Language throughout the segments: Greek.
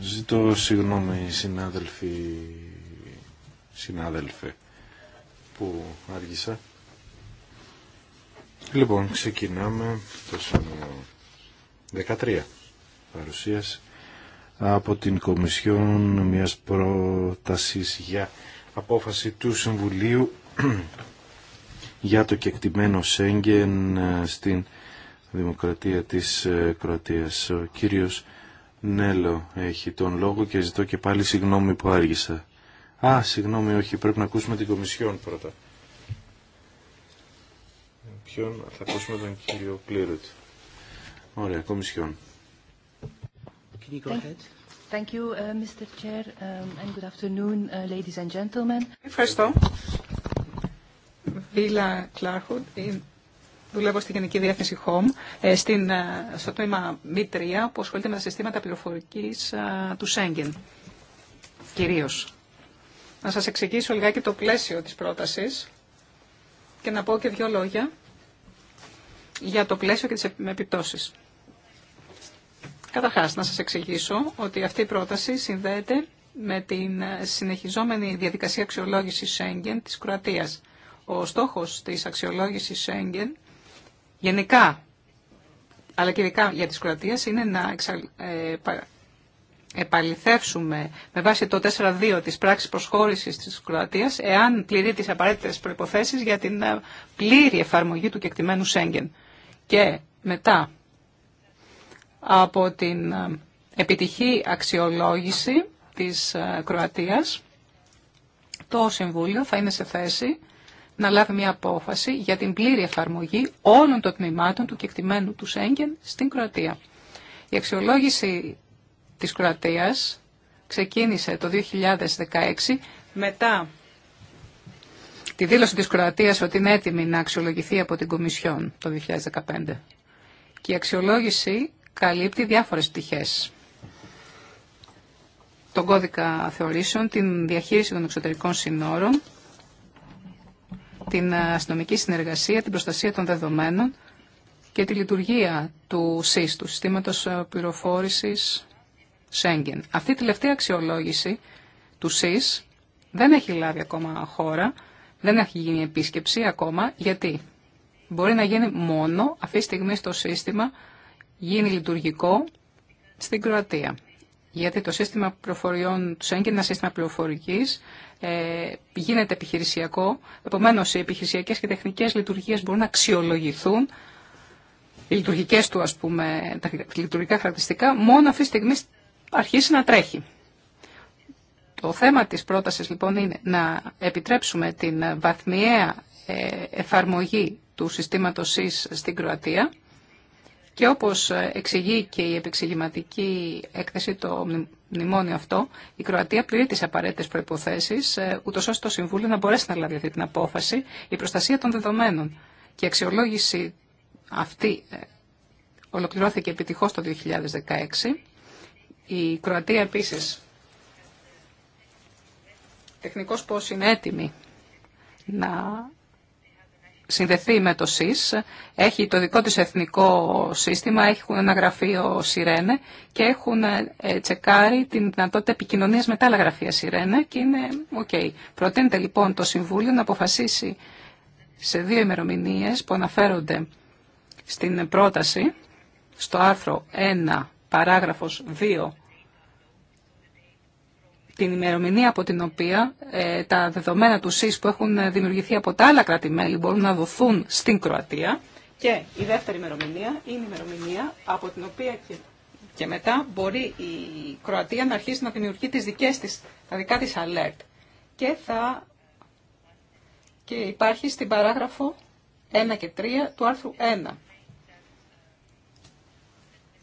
Ζητώ συγγνώμη, συνάδελφοι, συνάδελφε, που άργησα. Λοιπόν, ξεκινάμε το σημείο 13 παρουσίαση από την Κομισιόν μιας πρότασης για απόφαση του Συμβουλίου για το κεκτημένο Σέγγεν ε, στην Δημοκρατία της ε, Κροατίας. Ο κύριος Νέλο έχει τον λόγο και ζητώ και πάλι συγγνώμη που άργησα. Α, συγγνώμη, όχι, πρέπει να ακούσουμε την Κομισιόν πρώτα. Ποιον, θα ακούσουμε τον κύριο Κλήρωτ. Ωραία, Κομισιόν. Thank you, uh, Mr. Chair, um, and good afternoon, uh, ladies and gentlemen. Ευχαριστώ. Βίλα Κλάρχοντ, δουλεύω στη Γενική Διεύθυνση HOME, ε, στην, ε, στο τμημα ΜΗΤΡΙΑ που ασχολείται με τα συστήματα πληροφορική ε, του Σέγγεν. κυρίω. Να σας εξηγήσω λιγάκι το πλαίσιο της πρότασης και να πω και δύο λόγια για το πλαίσιο και τις επιπτώσεις. Καταρχά να σας εξηγήσω ότι αυτή η πρόταση συνδέεται με την συνεχιζόμενη διαδικασία αξιολόγηση Σέγγεν τη Κροατία, Ο στόχος της αξιολόγηση Σέγγεν γενικά, αλλά και ειδικά για τη Κροατία, είναι να ε, επαληθεύσουμε με βάση το 4-2 της πράξης προσχώρησης της Κροατίας, εάν πληρεί τις απαραίτητες προϋποθέσεις για την ε, πλήρη εφαρμογή του κεκτημένου Σέγγεν. Και μετά από την ε, επιτυχή αξιολόγηση της Κροατίας, το Συμβούλιο θα είναι σε θέση να λάβει μια απόφαση για την πλήρη εφαρμογή όλων των τμήματων του κεκτημένου του Σέγγεν στην Κροατία. Η αξιολόγηση της Κροατίας ξεκίνησε το 2016 μετά τη δήλωση της Κροατίας ότι είναι έτοιμη να αξιολογηθεί από την Κομισιόν το 2015. Και η αξιολόγηση καλύπτει διάφορες πτυχές. Τον κώδικα θεωρήσεων, την διαχείριση των εξωτερικών συνόρων, την ε, αστυνομική συνεργασία, την προστασία των δεδομένων και τη λειτουργία του ΣΥΣ, του Συστήματος ε, Πληροφόρησης Σέγγεν. Αυτή η τελευταία αξιολόγηση του ΣΥΣ δεν έχει λάβει ακόμα χώρα, δεν έχει γίνει επίσκεψη ακόμα, γιατί μπορεί να γίνει μόνο αυτή τη στιγμή στο σύστημα γίνει λειτουργικό στην Κροατία γιατί το σύστημα πληροφοριών του ΣΕΝΚ είναι ένα σύστημα πληροφορική, ε, γίνεται επιχειρησιακό. Επομένω, οι επιχειρησιακέ και τεχνικέ λειτουργίε μπορούν να αξιολογηθούν, οι λειτουργικέ του, α πούμε, τα λειτουργικά χαρακτηριστικά, μόνο αυτή τη στιγμή αρχίσει να τρέχει. Το θέμα της πρότασης λοιπόν είναι να επιτρέψουμε την βαθμιαία ε, εφαρμογή του συστήματος ΣΥΣ στην Κροατία και όπως εξηγεί και η επεξηγηματική έκθεση το μνημόνιο αυτό, η Κροατία πληρεί τις απαραίτητες προϋποθέσεις, ε, ούτως ώστε το Συμβούλιο να μπορέσει να λάβει αυτή την απόφαση, η προστασία των δεδομένων. Και η αξιολόγηση αυτή ε, ολοκληρώθηκε επιτυχώς το 2016. Η Κροατία επίσης, τεχνικός πώς είναι έτοιμη να συνδεθεί με το ΣΥΣ, έχει το δικό της εθνικό σύστημα, έχουν ένα γραφείο ΣΥΡΕΝΕ και έχουν ε, τσεκάρει την δυνατότητα επικοινωνίας με τα άλλα γραφεία ΣΥΡΕΝΕ και είναι οκ. Προτείνεται λοιπόν το Συμβούλιο να αποφασίσει σε δύο ημερομηνίε που αναφέρονται στην πρόταση, στο άρθρο 1 παράγραφος 2 την ημερομηνία από την οποία ε, τα δεδομένα του ΣΥΣ που έχουν ε, δημιουργηθεί από τα άλλα κράτη-μέλη μπορούν να δοθούν στην Κροατία. Και η δεύτερη ημερομηνία είναι η ημερομηνία από την οποία και, μετά μπορεί η Κροατία να αρχίσει να δημιουργεί τις δικές της, τα δικά της alert. Και, θα, και υπάρχει στην παράγραφο 1 και 3 του άρθρου 1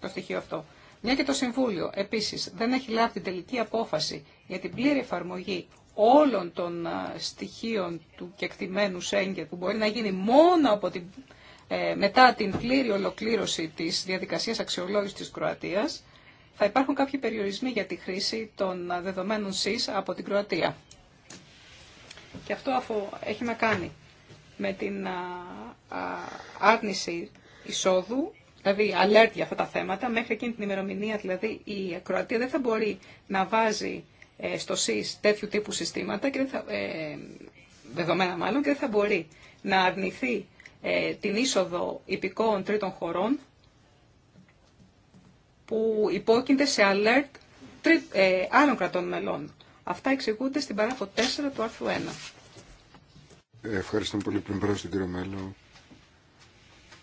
το στοιχείο αυτό. Μια και το Συμβούλιο επίσης δεν έχει λάβει την τελική απόφαση για την πλήρη εφαρμογή όλων των στοιχείων του κεκτημένου ΣΕΝΚΕΤ που μπορεί να γίνει μόνο από την, ε, μετά την πλήρη ολοκλήρωση της διαδικασίας αξιολόγησης της Κροατίας, θα υπάρχουν κάποιοι περιορισμοί για τη χρήση των δεδομένων ΣΥΣ από την Κροατία. Και αυτό αφού έχει να κάνει με την άρνηση εισόδου δηλαδή alert για αυτά τα θέματα, μέχρι εκείνη την ημερομηνία δηλαδή η Κροατία δεν θα μπορεί να βάζει ε, στο ΣΥΣ τέτοιου τύπου συστήματα, και θα, ε, δεδομένα μάλλον, και δεν θα μπορεί να αρνηθεί ε, την είσοδο υπηκόων τρίτων χωρών που υπόκεινται σε alert τρι, ε, άλλων κρατών μελών. Αυτά εξηγούνται στην παράγραφο 4 του άρθρου 1. Ευχαριστώ πολύ πριν πάω κύριε κύριο Μέλλο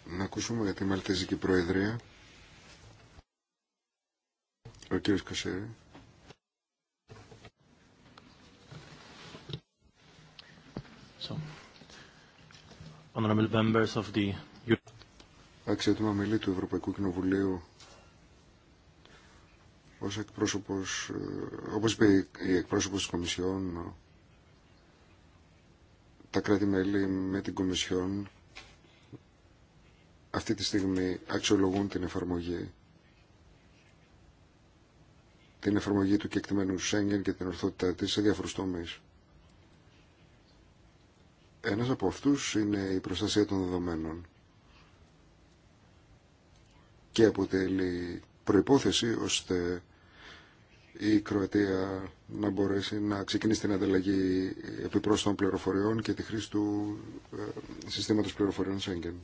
να ακούσουμε για τη Μαλτέζικη Προεδρία. Ο κύριος Κασέρη. So, honorable Αξιότιμα μελή του Ευρωπαϊκού Κοινοβουλίου ως εκπρόσωπος, ε, όπως είπε η εκπρόσωπος της Κομισιόν, τα κράτη-μέλη με την Κομισιόν αυτή τη στιγμή αξιολογούν την εφαρμογή την εφαρμογή του κεκτημένου Σέγγεν και την ορθότητά της σε διάφορους τομείς. Ένας από αυτούς είναι η προστασία των δεδομένων και αποτελεί προϋπόθεση ώστε η Κροατία να μπορέσει να ξεκινήσει την ανταλλαγή επιπρόσθετων πληροφοριών και τη χρήση του ε, συστήματος πληροφοριών Σέγγεν.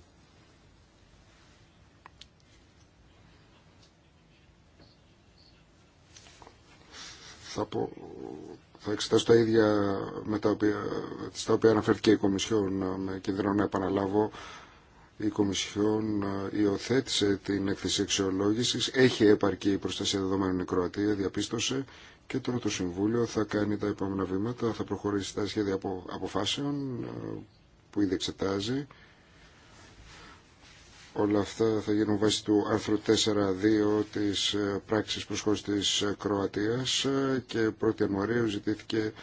θα, πω, θα εξετάσω τα ίδια με τα οποία, στα οποία αναφέρθηκε η Κομισιόν με κίνδυνο να επαναλάβω. Η Κομισιόν ε, υιοθέτησε την έκθεση αξιολόγηση, έχει επαρκή προστασία δεδομένων η Κροατία, διαπίστωσε και τώρα το Συμβούλιο θα κάνει τα επόμενα βήματα, θα προχωρήσει στα σχέδια αποφάσεων ε, που ήδη εξετάζει Όλα αυτά θα γίνουν βάσει του άρθρου 4.2 της ε, πράξης προσχώρηση της ε, Κροατίας ε, και 1η Ιανουαρίου ζητήθηκε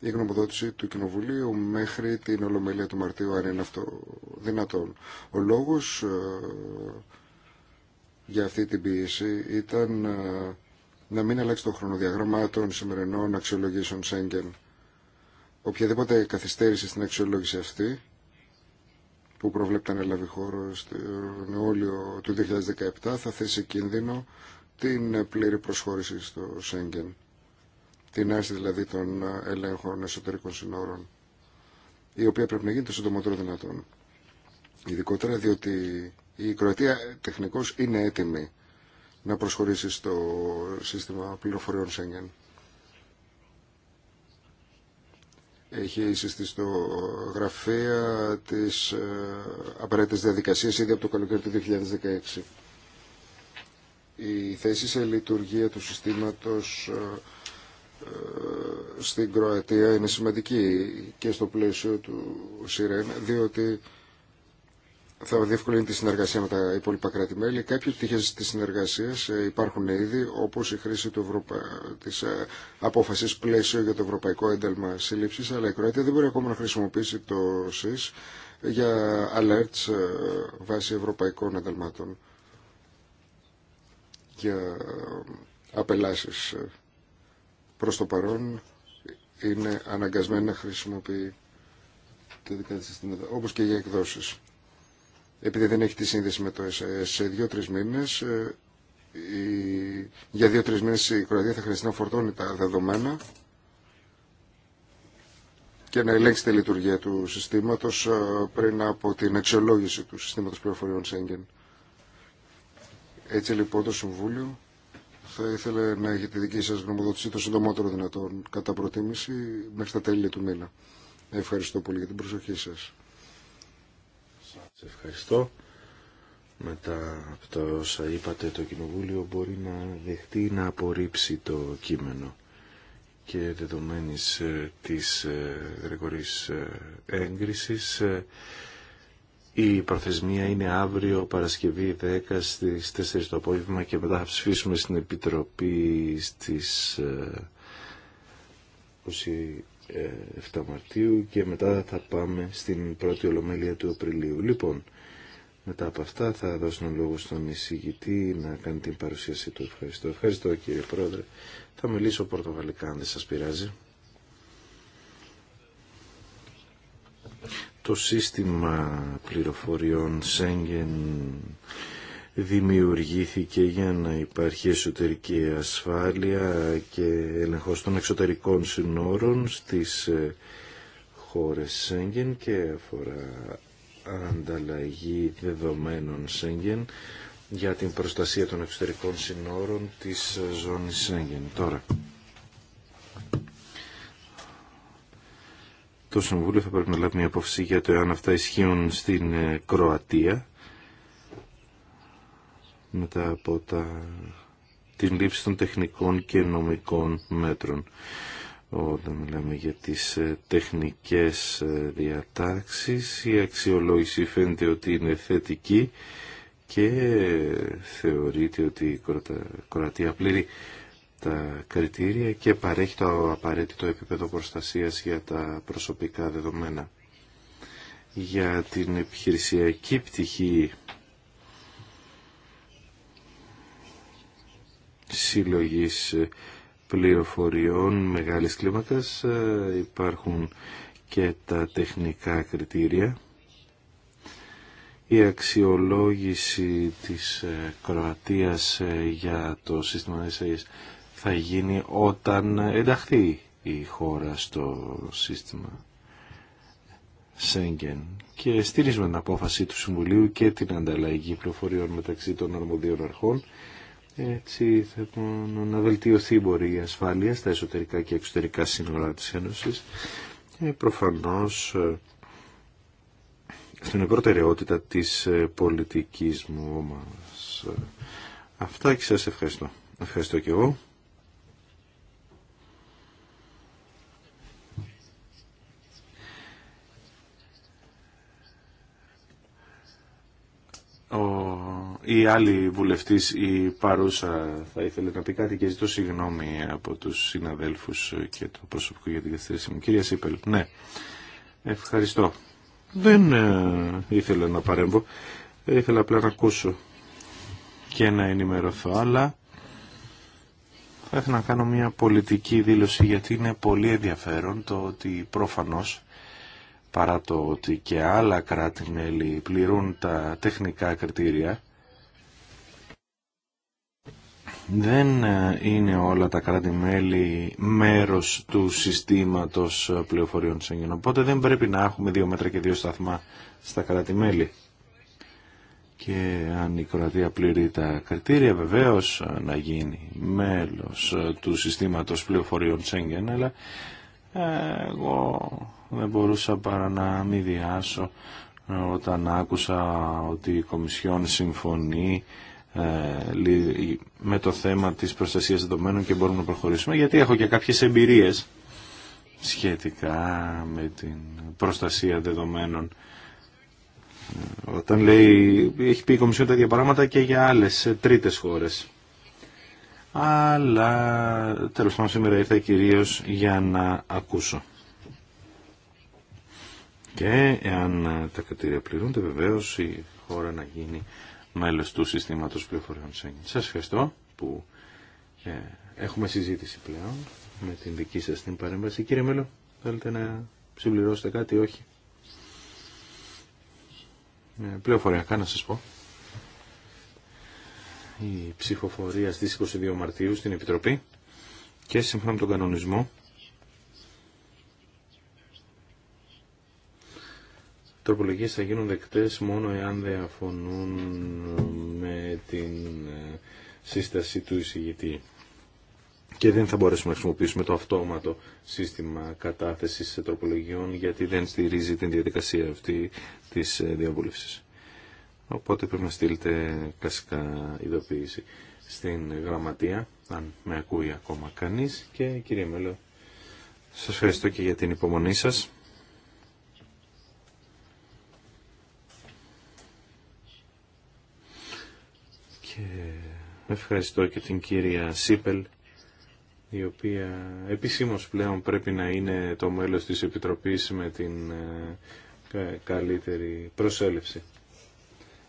η γνωμοδότηση του Κοινοβουλίου μέχρι την Ολομελία του Μαρτίου, αν είναι αυτό δυνατόν. Ο λόγος για αυτή την πίεση ήταν να μην αλλάξει το χρονοδιαγράμμα των σημερινών αξιολογήσεων Σέγγεν. Οποιαδήποτε καθυστέρηση στην αξιολόγηση αυτή που προβλέπεται να λάβει χώρο στον Ιούλιο του 2017 θα θέσει κίνδυνο την πλήρη προσχώρηση στο Σέγγεν. Την άρση δηλαδή των ελέγχων εσωτερικών συνόρων, η οποία πρέπει να γίνει το συντομότερο δυνατόν. Ειδικότερα διότι η Κροατία τεχνικώς είναι έτοιμη να προσχωρήσει στο σύστημα πληροφοριών Σέγγεν. έχει στο το γραφεία τις ε, απαραίτητες διαδικασίες ήδη από το καλοκαίρι του 2016. Η θέση σε λειτουργία του συστήματος ε, ε, στην Κροατία είναι σημαντική και στο πλαίσιο του ΣΥΡΕΝ, διότι θα διευκολύνει τη συνεργασία με τα υπόλοιπα κράτη-μέλη. Κάποιε πτυχέ τη συνεργασία ε, υπάρχουν ήδη, όπω η χρήση Ευρωπα... τη ε, απόφαση πλαίσιο για το Ευρωπαϊκό Ένταλμα Σύλληψη, αλλά η Κροατία δεν μπορεί ακόμα να χρησιμοποιήσει το ΣΥΣ για alerts ε, βάσει ευρωπαϊκών ενταλμάτων για απελάσει. Προ το παρόν είναι αναγκασμένη να χρησιμοποιεί τη δικά τη συστήματα, όπως και για εκδόσει επειδή δεν έχει τη σύνδεση με το ΕΣΕ, σε δύο-τρει μήνε. Ε, για δύο-τρει μήνε η Κροατία θα χρειαστεί να φορτώνει τα δεδομένα και να ελέγξει τη λειτουργία του συστήματο ε, πριν από την αξιολόγηση του συστήματο πληροφοριών Σέγγεν. Έτσι λοιπόν το Συμβούλιο θα ήθελε να έχει τη δική σα γνωμοδότηση το συντομότερο δυνατόν κατά προτίμηση μέχρι τα τέλη του μήνα. Ευχαριστώ πολύ για την προσοχή σας. Σε ευχαριστώ. Μετά από τα όσα είπατε, το Κοινοβούλιο μπορεί να δεχτεί να απορρίψει το κείμενο και δεδομένης ε, της ε, γρηγορής ε, έγκρισης η προθεσμία είναι αύριο Παρασκευή 10 στις 4 το απόγευμα και μετά θα ψηφίσουμε στην Επιτροπή στις 7 Μαρτίου και μετά θα πάμε στην πρώτη ολομέλεια του Απριλίου. Λοιπόν, μετά από αυτά θα δώσω τον λόγο στον εισηγητή να κάνει την παρουσίαση του. Ευχαριστώ. Ευχαριστώ κύριε Πρόεδρε. Θα μιλήσω πορτογαλικά αν δεν σας πειράζει. Το σύστημα πληροφοριών Σέγγεν δημιουργήθηκε για να υπάρχει εσωτερική ασφάλεια και έλεγχος των εξωτερικών συνόρων στις ε, χώρες Σέγγεν και αφορά ανταλλαγή δεδομένων Σέγγεν για την προστασία των εξωτερικών συνόρων της ζώνης Σέγγεν. Τώρα, το Συμβούλιο θα πρέπει να λάβει μια απόφαση για το εάν αυτά ισχύουν στην ε, Κροατία μετά από τα... την λήψη των τεχνικών και νομικών μέτρων. Όταν μιλάμε για τις ε, τεχνικές ε, διατάξεις, η αξιολόγηση φαίνεται ότι είναι θετική και θεωρείται ότι η Κροατία πλήρει τα κριτήρια και παρέχει το απαραίτητο επίπεδο προστασίας για τα προσωπικά δεδομένα. Για την επιχειρησιακή πτυχή συλλογής ε, πληροφοριών μεγάλης κλίμακας. Ε, υπάρχουν και τα τεχνικά κριτήρια. Η αξιολόγηση της ε, Κροατίας για το σύστημα θα γίνει όταν ενταχθεί η χώρα στο σύστημα Σέγγεν και στηρίζουμε την απόφαση του Συμβουλίου και την ανταλλαγή πληροφοριών μεταξύ των αρμοδίων αρχών έτσι θα πούμε, να βελτιωθεί μπορεί η ασφάλεια στα εσωτερικά και εξωτερικά σύνορα της Ένωσης και προφανώς ε, στην προτεραιότητα της ε, πολιτικής μου μας. Ε, αυτά και σας ευχαριστώ. Ευχαριστώ και εγώ. ή άλλη βουλευτής ή παρούσα θα ήθελε να πει κάτι και ζητώ συγγνώμη από τους συναδέλφους και το προσωπικό για την καθυστέρηση μου. Κυρία Σίπελ, ναι, ευχαριστώ. Δεν ε, ήθελα να παρέμβω, ήθελα απλά να ακούσω και να ενημερωθώ, αλλά θα ήθελα να κάνω μια πολιτική δήλωση γιατί είναι πολύ ενδιαφέρον το ότι προφανώς παρά το ότι και άλλα κράτη-μέλη πληρούν τα τεχνικά κριτήρια δεν ε, είναι όλα τα κράτη-μέλη μέρος του συστήματος ε, πληροφοριών Σέγγεν. Οπότε δεν πρέπει να έχουμε δύο μέτρα και δύο σταθμά στα κράτη-μέλη. Και αν η Κροατία πληρεί τα κριτήρια βεβαίως ε, να γίνει μέλος του συστήματος πληροφοριών Σέγγεν, αλλά εγώ δεν μπορούσα παρά να μη διάσω όταν άκουσα ότι η Κομισιόν συμφωνεί ε, με το θέμα της προστασίας δεδομένων και μπορούμε να προχωρήσουμε γιατί έχω και κάποιες εμπειρίες σχετικά με την προστασία δεδομένων ε, όταν λέει έχει πει η Κομισιόν τα ίδια πράγματα και για άλλες τρίτες χώρες αλλά τέλος πάντων σήμερα ήρθα κυρίως για να ακούσω και εάν τα κατήρια πληρούνται βεβαίως η χώρα να γίνει μέλος του συστήματος πληροφοριών Σέγγεν. Σας ευχαριστώ που ε, έχουμε συζήτηση πλέον με την δική σας την παρέμβαση. Κύριε Μέλο, θέλετε να συμπληρώσετε κάτι, όχι. Ε, πληροφοριακά να σας πω. Η ψηφοφορία στις 22 Μαρτίου στην Επιτροπή και σύμφωνα με τον κανονισμό τροπολογίες θα γίνουν δεκτές μόνο εάν διαφωνούν με την ε, σύσταση του εισηγητή και δεν θα μπορέσουμε να χρησιμοποιήσουμε το αυτόματο σύστημα κατάθεσης τροπολογιών γιατί δεν στηρίζει την διαδικασία αυτή της ε, διαβούλευσης. Οπότε πρέπει να στείλετε κλασικά ειδοποίηση στην γραμματεία, αν με ακούει ακόμα κανείς και κύριε Μέλο, σας ευχαριστώ και για την υπομονή σας. Και ευχαριστώ και την κυρία Σίπελ, η οποία επισήμως πλέον πρέπει να είναι το μέλος της Επιτροπής με την ε, καλύτερη προσέλευση.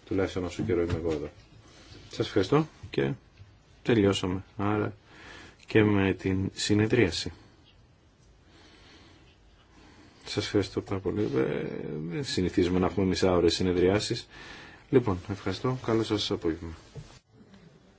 Τουλάχιστον όσο καιρό είμαι εγώ εδώ. Σας ευχαριστώ και τελειώσαμε. Άρα και με την συνεδρίαση. Σας ευχαριστώ πάρα πολύ. Ε, δεν συνηθίζουμε να έχουμε μισά ώρες συνεδριάσεις. Λοιπόν, ευχαριστώ. Καλό σας απόγευμα.